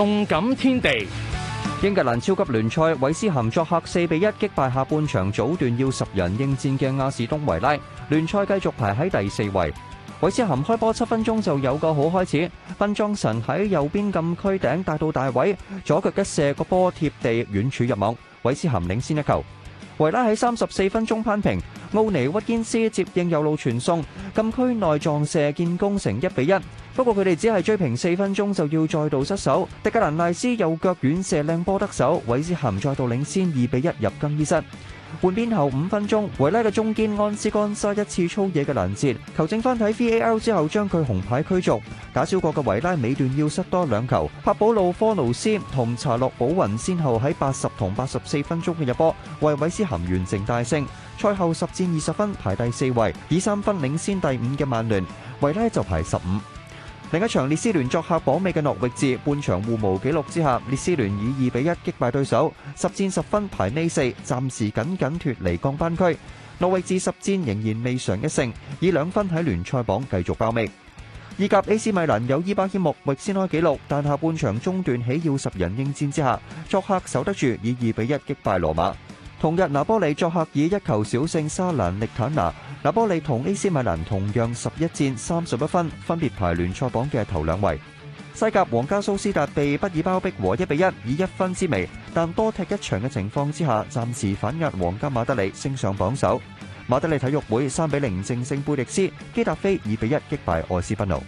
動感天地，英格蘭超級聯賽，韋斯咸作客四比一擊敗下半場早段要十人應戰嘅阿士東維拉，聯賽繼續排喺第四位。韋斯咸開波七分鐘就有個好開始，賓莊臣喺右邊禁區頂帶到大位，左腳一射個波貼地遠處入網，韋斯咸領先一球。維拉喺三十四分鐘扳平。奧尼屈堅斯接應右路傳送，禁區內撞射建功，成一比一。不過佢哋只係追平四分鐘，就要再度失手。迪格蘭賴斯右腳遠射靚波得手，韋斯咸再度領先二比一入更衣室。換邊後五分鐘，維拉嘅中堅安斯干沙一次粗野嘅攔截，球證翻睇 VAR 之後將佢紅牌驅逐。打少個嘅維拉尾段要失多兩球。柏保路科奴斯同查洛保雲先後喺八十同八十四分鐘嘅入波，為韋斯咸完成大勝。賽後十戰二十分排第四位，以三分領先第五嘅曼聯，維拉就排十五。另一場列斯聯作客榜尾嘅諾域治，半場互無紀錄之下，列斯聯以二比一擊敗對手，十戰十分排尾四，暫時僅僅脱離降班區。諾域治十戰仍然未嘗一勝，以兩分喺聯賽榜繼續包尾。意甲 AC 米蘭有伊巴謙木域先開紀錄，但下半場中段起要十人應戰之下，作客守得住，以二比一擊敗羅馬。同日，拿波里作客以一球小勝沙蘭力坦拿。拿波利同 AC 米蘭同樣十一戰三十一分，分別排聯賽榜嘅頭兩位。西甲皇家蘇斯達被畢爾包逼和一比一，以一分之微，但多踢一場嘅情況之下，暫時反壓皇家馬德里升上榜首。馬德里體育會三比零正勝貝迪斯，基達菲二比一擊敗愛斯賓奴。